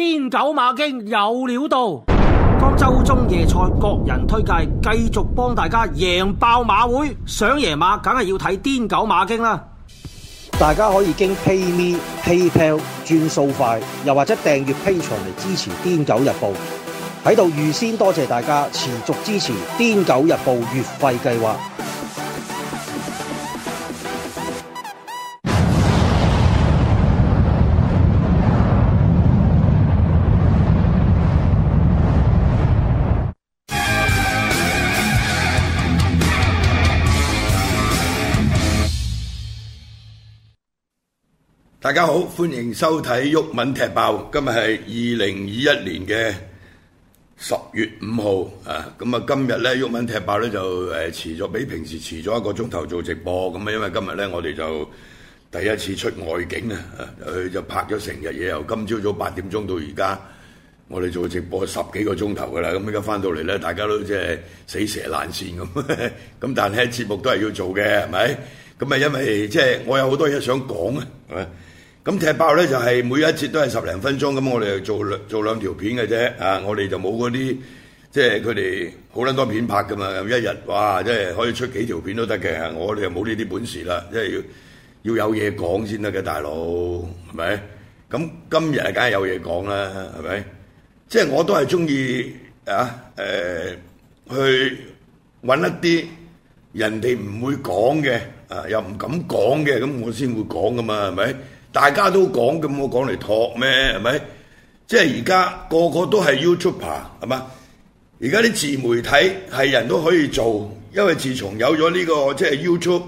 癲狗馬經有料到，今周中夜賽各人推介，繼續幫大家贏爆馬會。上夜馬梗係要睇癲狗馬經啦。大家可以經 PayMe PayPal 轉數快，又或者訂閱 Patreon 嚟支持癲狗日報。喺度預先多謝大家持續支持癲狗日報月費計劃。大家好，歡迎收睇《毓民踢爆》。今日係二零二一年嘅十月五號啊。咁啊，今日咧《毓民踢爆》咧就誒，遲、呃、咗比平時遲咗一個鐘頭做直播。咁啊，因為今日咧我哋就第一次出外景啊，去、啊啊、就拍咗成日嘢，由今朝早八點鐘到而家，我哋做直播十幾個鐘頭噶啦。咁而家翻到嚟咧，大家都即係死蛇爛鱔咁。咁、嗯、但係節目都係要做嘅，係咪？咁啊，因為即係、就是、我有好多嘢想講啊，係咪？咁踢爆咧就係每一節都係十零分鐘，咁我哋就做兩做兩條片嘅啫。啊，我哋就冇嗰啲即係佢哋好撚多片拍噶嘛。一日哇，即係可以出幾條片都得嘅。我哋就冇呢啲本事啦，即係要要有嘢講先得嘅，大佬係咪？咁今日梗係有嘢講啦，係咪？即係我都係中意啊、呃、去搵一啲人哋唔會講嘅啊，又唔敢講嘅，咁我先會講噶嘛，係咪？大家都講，咁我講嚟托咩？係咪？即係而家個個都係 YouTuber 係嘛？而家啲自媒體係人都可以做，因為自從有咗呢個即係 YouTube，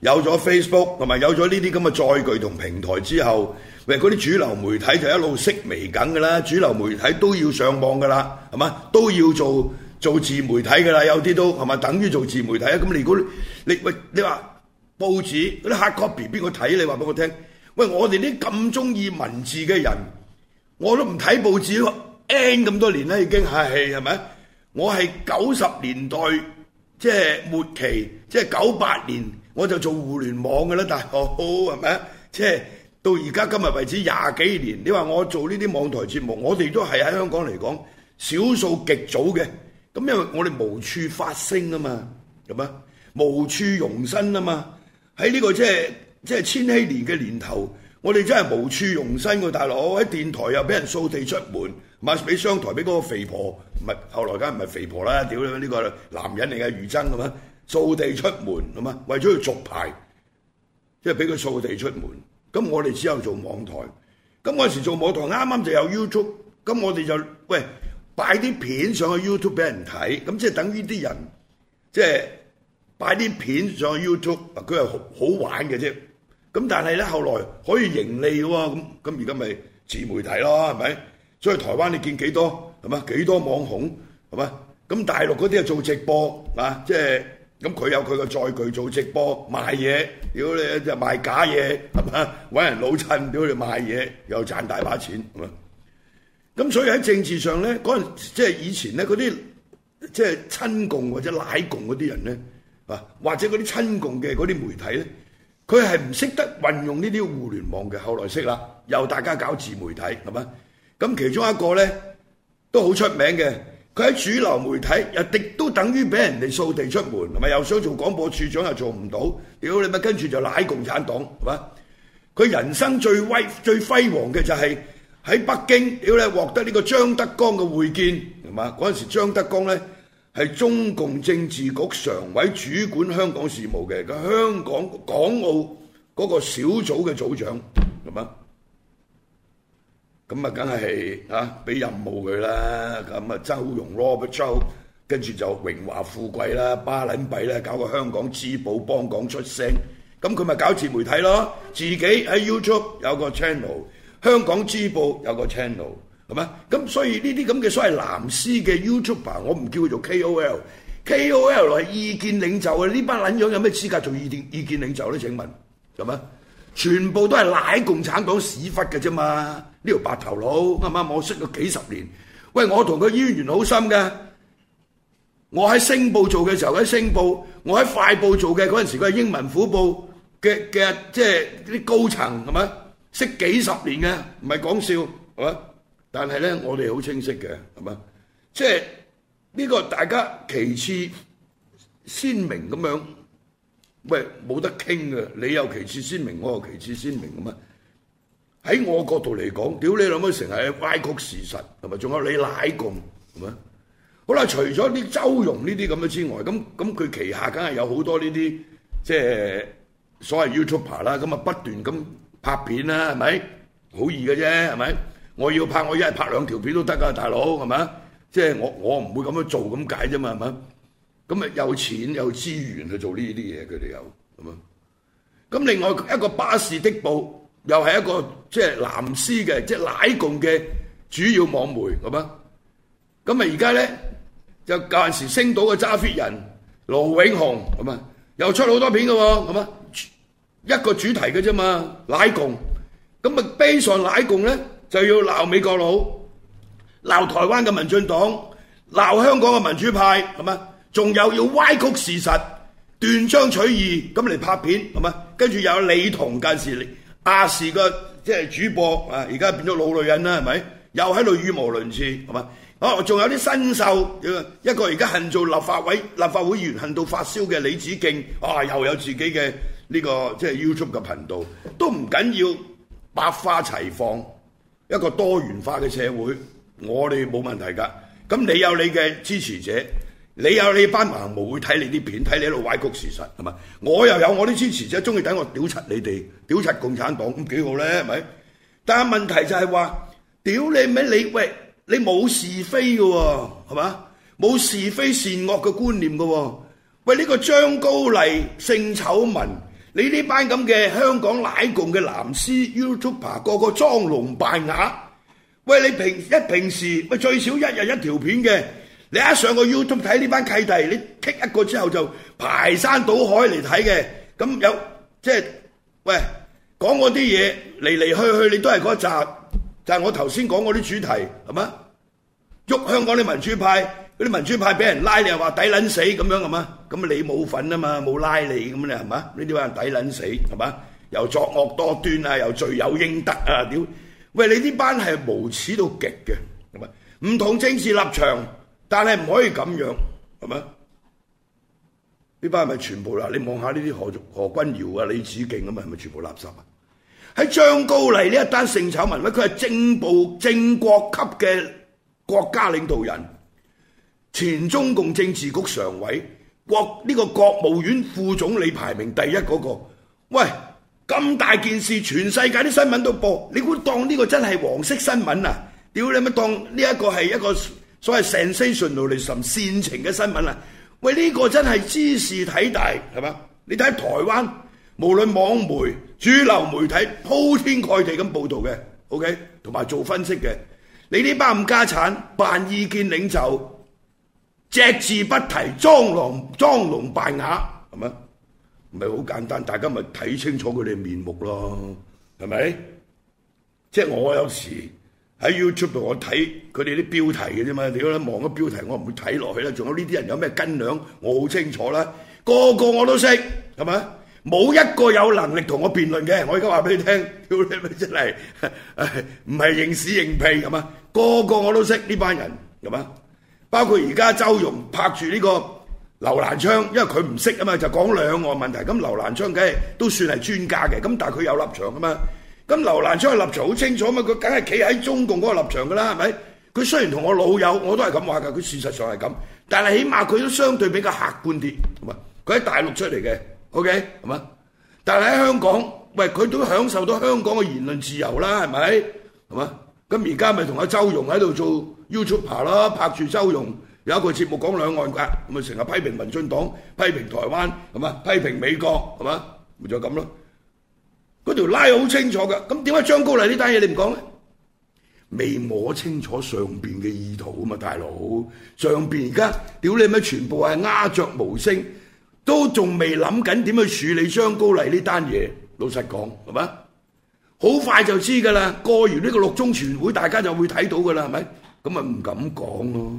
有咗 Facebook 同埋有咗呢啲咁嘅載具同平台之後，喂，嗰啲主流媒體就一路式微緊㗎啦。主流媒體都要上網㗎啦，係嘛？都要做做自媒體㗎啦。有啲都係咪？等於做自媒體啊？咁你如果你喂你話報紙嗰啲 hard copy，邊個睇你話俾我聽。喂，我哋啲咁鍾意文字嘅人，我都唔睇報紙咯。N 咁多年咧，已經係係咪？我係九十年代即係、就是、末期，即係九八年我就做互聯網嘅啦。大學，係咪？即、就、係、是、到而家今日為止廿幾年，你話我做呢啲網台節目，我哋都係喺香港嚟講少數極早嘅。咁因為我哋無處發聲啊嘛，咁啊無處容身啊嘛，喺呢、這個即係。就是即係千禧年嘅年頭，我哋真係無處容身喎，大佬喺電台又俾人掃地出門，賣俾商台俾嗰個肥婆，唔係後來梗唔係肥婆啦，屌啦呢個男人嚟嘅俞琤咁樣掃地出門咁啊，為咗要續牌，即係俾佢掃地出門。咁我哋只有做網台。咁嗰陣時做網台啱啱就有 YouTube，咁我哋就喂擺啲片上去 YouTube 俾人睇，咁即係等於啲人即係擺啲片上去 YouTube，佢係好，好玩嘅啫。咁但係咧，後來可以盈利喎，咁咁而家咪自媒體咯，係咪？所以台灣你見幾多，係咪？幾多網紅，係咪？咁大陸嗰啲啊做直播啊，即係咁佢有佢嘅載具做直播賣嘢，屌你啊賣假嘢係嘛？揾人老襯屌你賣嘢又賺大把錢，係咪？咁所以喺政治上咧，嗰陣即係以前咧，嗰啲即係親共或者奶共嗰啲人咧，啊或者嗰啲親共嘅嗰啲媒體咧。佢係唔識得運用呢啲互聯網嘅，後來識啦，又大家搞自媒體係嘛？咁其中一個咧都好出名嘅，佢喺主流媒體又敵都等於俾人哋掃地出門，係咪又想做廣播處長又做唔到？屌你咪跟住就舐共產黨係嘛？佢人生最威最輝煌嘅就係喺北京屌你獲得呢個張德江嘅會見，係嘛？嗰陣時張德江咧。係中共政治局常委，主管香港事務嘅，個香港港澳嗰個小組嘅組長係嘛？咁啊，梗係啊，俾任務佢啦。咁啊，周融 Robert Chow，跟住就榮華富貴啦，巴林幣啦，搞個香港之報幫港出聲。咁佢咪搞自媒體咯？自己喺 YouTube 有個 channel，香港之報有個 channel。係咪？咁所以呢啲咁嘅所謂藍絲嘅 YouTuber，我唔叫佢做 KOL，KOL 係意見領袖啊！呢班撚樣有咩資格做意見意見領袖咧？請問，係咪？全部都係賴共產黨屎忽嘅啫嘛！呢條白頭佬啱啱我識咗幾十年，喂，我同佢淵源好深㗎。我喺星報做嘅時候，喺星報，我喺快報做嘅嗰陣時，佢係英文虎報嘅嘅，即係啲高層係咪？識幾十年嘅，唔係講笑係咪？但係咧，我哋好清晰嘅，係嘛？即係呢個大家其次鮮明咁樣，喂，冇得傾嘅。你有其次鮮明，我又其次鮮明，咁啊？喺我角度嚟講，屌你老母成日歪曲事實，係咪？仲有你奶共，係咪？好啦，除咗啲周融呢啲咁樣之外，咁咁佢旗下梗係有好多呢啲，即係所謂 YouTuber 啦。咁啊，不斷咁拍片啦，係咪？好易嘅啫，係咪？我要拍我一日拍兩條片都得噶，大佬，係咪？即係我我唔會咁樣做咁解啫嘛，係咪？咁咪有錢有資源去做呢啲嘢，佢哋有咁啊。咁另外一個巴士的報又係一個即係藍絲嘅、即係奶共嘅主要網媒咁啊。咁啊而家咧，就舊陣時星島個揸 fit 人盧永雄，咁啊，又出好多片嘅喎，咁啊一個主題嘅啫嘛，奶共咁啊，悲上奶共咧。就要鬧美國佬，鬧台灣嘅民進黨，鬧香港嘅民主派，係咪？仲有要歪曲事實、斷章取義咁嚟拍片，跟住又有李彤近時亞視嘅主播而家變咗老女人啦，又喺度語無倫次，係嘛？哦，仲有啲新秀，一個而家恨做立法委立法會議員恨到發燒嘅李梓敬，啊，又有自己嘅呢、這個即係、就是、YouTube 嘅頻道，都唔緊要，百花齊放。一個多元化嘅社會，我哋冇問題㗎。咁你有你嘅支持者，你有你班盲毛會睇你啲片，睇你喺度歪曲事實，係咪？我又有我啲支持者，鍾意等我屌柒你哋，屌柒共產黨咁幾好呢？係咪？但係問題就係話，屌你咩？你,你喂，你冇是非㗎喎，係嘛？冇是非善惡嘅觀念㗎喎。喂，呢、這個張高麗性醜聞。你呢班咁嘅香港舐共嘅藍絲 YouTuber，個個裝聾扮啞，喂，你平一平時咪最少一日一條片嘅，你一上個 YouTube 睇呢班契弟，你 kick 一個之後就排山倒海嚟睇嘅，咁有即係喂，講嗰啲嘢嚟嚟去去，你都係嗰集，就係我頭先講嗰啲主題，係嘛？喐香港啲民主派。啲民主派俾人拉，你又話抵撚死咁樣噶嗎？咁啊你冇份啊嘛，冇拉你咁啊，係嗎？呢啲班人抵撚死係嗎？又作惡多端啊，又罪有應得啊！屌，喂你呢班係無恥到極嘅，係嗎？唔同政治立場，但係唔可以咁樣係嗎？呢班係咪全部嗱？你望下呢啲何何君堯啊、李子敬咁啊，係咪全部垃圾啊？喺張高麗呢一單性醜聞，佢係正部正國級嘅國家領導人。前中共政治局常委、國呢、這個國務院副總理排名第一嗰、那個，喂，咁大件事，全世界啲新聞都播，你估當呢個真係黃色新聞啊？屌你咪當呢一個係一個所謂 sensationalism 煽情嘅新聞啊？喂，呢、這個真係茲事體大係嘛？你睇台灣，無論網媒、主流媒體鋪天蓋地咁報道嘅，OK，同埋做分析嘅，你呢班五家產扮意見領袖。隻字不提，裝聾裝聾扮啞，係咪？唔係好簡單，大家咪睇清楚佢哋面目咯，係咪？即係我有時喺 YouTube 度，我睇佢哋啲標題嘅啫嘛，你嗰啲望咗標題，我唔會睇落去啦。仲有呢啲人有咩斤兩，我好清楚啦，個個我都識，係咪？冇一個有能力同我辯論嘅，我而家話俾你聽，屌你咪真係，唔係認屎認屁，係咪？個個我都識呢班人，係咪？包括而家周融拍住呢個劉蘭昌，因為佢唔識啊嘛，就講兩岸問題。咁劉蘭昌梗係都算係專家嘅，咁但係佢有立場㗎嘛。咁劉蘭昌嘅立場好清楚啊嘛，佢梗係企喺中共嗰個立場㗎啦，係咪？佢雖然同我老友，我都係咁話㗎，佢事實上係咁，但係起碼佢都相對比較客觀啲，係咪？佢喺大陸出嚟嘅，OK 係嘛？但係喺香港，喂，佢都享受到香港嘅言論自由啦，係咪？係嘛？咁而家咪同阿周融喺度做 YouTuber 啦，拍住周融有一個節目講兩岸嘅，咁咪成日批評民進黨、批評台灣，係嘛？批評美國，係嘛？咪就咁囉。嗰條拉好清楚㗎。咁點解張高麗呢單嘢你唔講呢？未摸清楚上面嘅意圖嘛，大佬上面而家屌你咪全部係鴉雀無聲，都仲未諗緊點去處理張高麗呢單嘢。老實講係嘛？是好快就知㗎啦，過完呢個六中全會大家就會睇到㗎啦，係咪？咁咪唔敢講咯。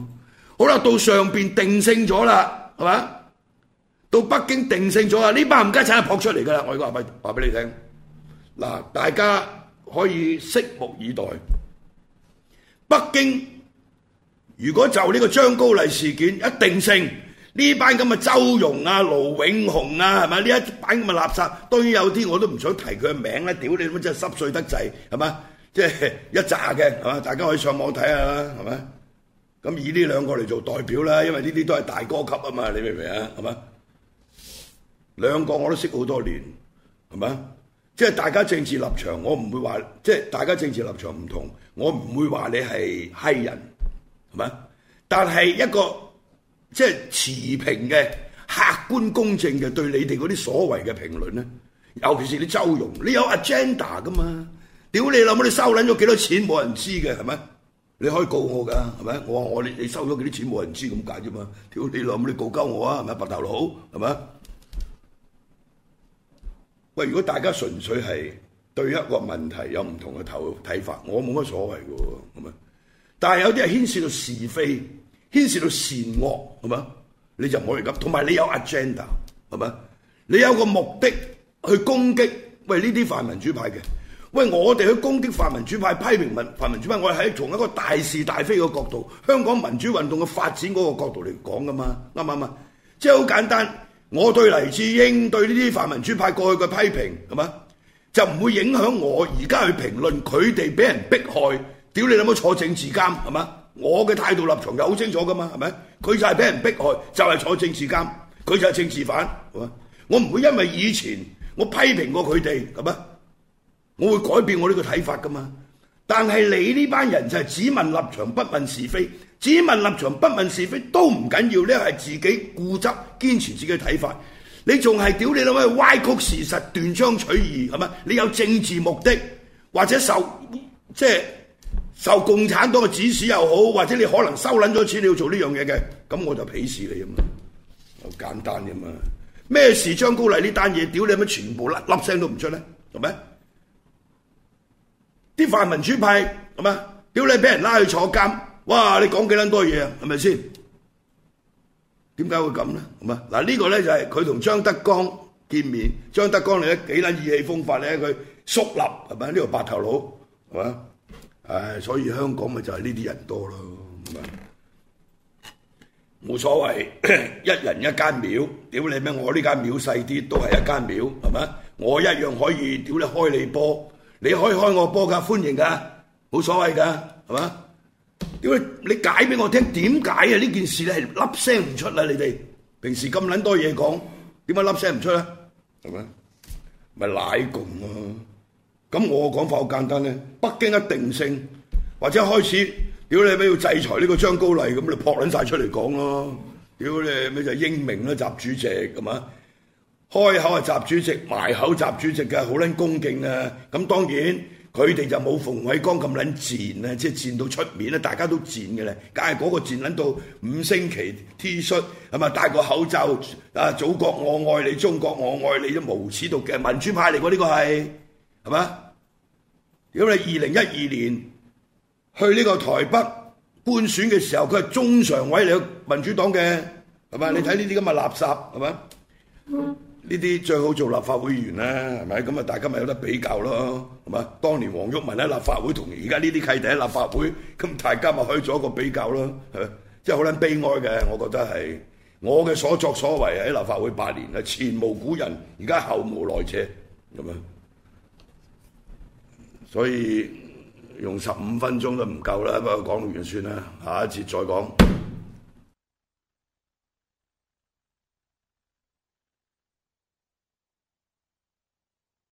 呢班咁嘅周融啊、盧永雄啊，係咪呢一班咁嘅垃圾？當然有啲我都唔想提佢嘅名啦，屌你冇真係濕碎得滯，係咪？即係一紮嘅，係咪？大家可以上網睇下啦，係咪？咁以呢兩個嚟做代表啦，因為呢啲都係大哥級啊嘛，你明唔明啊？係咪？兩個我都識好多年，係咪？即係大家政治立場，我唔會話，即係大家政治立場唔同，我唔會話你係閪人，係咪？但係一個，即係持平嘅、客觀公正嘅對你哋嗰啲所謂嘅評論咧，尤其是你周融，你有 agenda 㗎嘛？屌你老母！你收撚咗幾多錢冇人知嘅，係咪？你可以告我㗎，係咪？我話我你你收咗幾多錢冇人知咁解啫嘛？屌你老母！你告鳩我啊，係咪白頭佬？係咪？喂，如果大家純粹係對一個問題有唔同嘅頭睇法，我冇乜所謂嘅喎，係咪？但係有啲係牽涉到是非。牽涉到善惡係嘛？你就唔可以咁。同埋你有 agenda 係嘛？你有個目的去攻擊，喂，呢啲泛民主派嘅。喂，我哋去攻擊泛民主派、批評民泛民主派，我哋喺同一個大是大非嘅角度、香港民主運動嘅發展嗰個角度嚟講㗎嘛？啱唔啱啊？即係好簡單，我對黎智英對呢啲泛民主派過去嘅批評係嘛，就唔會影響我而家去評論佢哋俾人迫害，屌你諗唔坐政治監係嘛？我嘅態度立場就好清楚噶嘛，係咪？佢就係俾人迫害，就係、是、坐政治監，佢就係政治犯。係咪？我唔會因為以前我批評過佢哋係咪？我會改變我呢個睇法噶嘛。但係你呢班人就係只問立場不問是非，只問立場不問是非都唔緊要呢，係自己固執堅持自己嘅睇法。你仲係屌你老味歪曲事實、斷章取義係咪？你有政治目的或者受即係。就是受共產黨嘅指使又好，或者你可能收撚咗錢你要做呢樣嘢嘅，咁我就鄙視你啊嘛！好簡單嘅嘛，咩事張高麗呢單嘢屌你乜全部粒粒聲都唔出咧，係咪？啲泛民主派係嘛，屌你俾人拉去坐監，哇！你講幾撚多嘢啊？係咪先？點解會咁咧？係嘛？嗱呢個咧就係佢同張德江見面，張德江你睇幾撚意氣風發咧？佢肅立係咪？呢個白頭佬係咪？唉，所以香港咪就係呢啲人多咯，冇所謂， 一人一間廟，屌你咩？我呢間廟細啲，都係一間廟，係咪？我一樣可以屌你開你波，你可以開我波㗎，歡迎㗎，冇所謂㗎，係咪？屌你，你解俾我聽點解啊？呢件事咧係粒聲唔出啊！你哋平時咁撚多嘢講，點解粒聲唔出咧、啊？係咪？咪奶共啊！咁我講法好簡單咧？北京一定勝，或者開始屌你咪要制裁呢個張高麗咁，你撲撚晒出嚟講咯！屌你咪就英明啦，習主席咁啊，開口係習主席，埋口習主席嘅，好撚恭敬啊！咁當然佢哋就冇馮偉光咁撚賤啊，即係賤到出面啦，大家都賤嘅咧，梗係嗰個賤撚到五星旗 T 恤，係咪戴個口罩？啊，祖國我愛你，中國我愛你，都無恥到嘅民主派嚟喎呢個係。係嘛？如果你二零一二年去呢個台北觀選嘅時候，佢係中常委嚟嘅民主黨嘅，係嘛？Mm. 你睇呢啲咁嘅垃圾，係嘛？呢、mm. 啲最好做立法會議員啦，係咪？咁啊，大家咪有得比較咯，係嘛？當年黃毓民喺立法會同而家呢啲契弟喺立法會，咁大家咪可以做一個比較咯，嚇！即係好撚悲哀嘅，我覺得係我嘅所作所為喺立法會八年係前無古人，而家後無來者咁樣。是所以用十五分鐘都唔夠啦，不過講完算啦，下一節再講。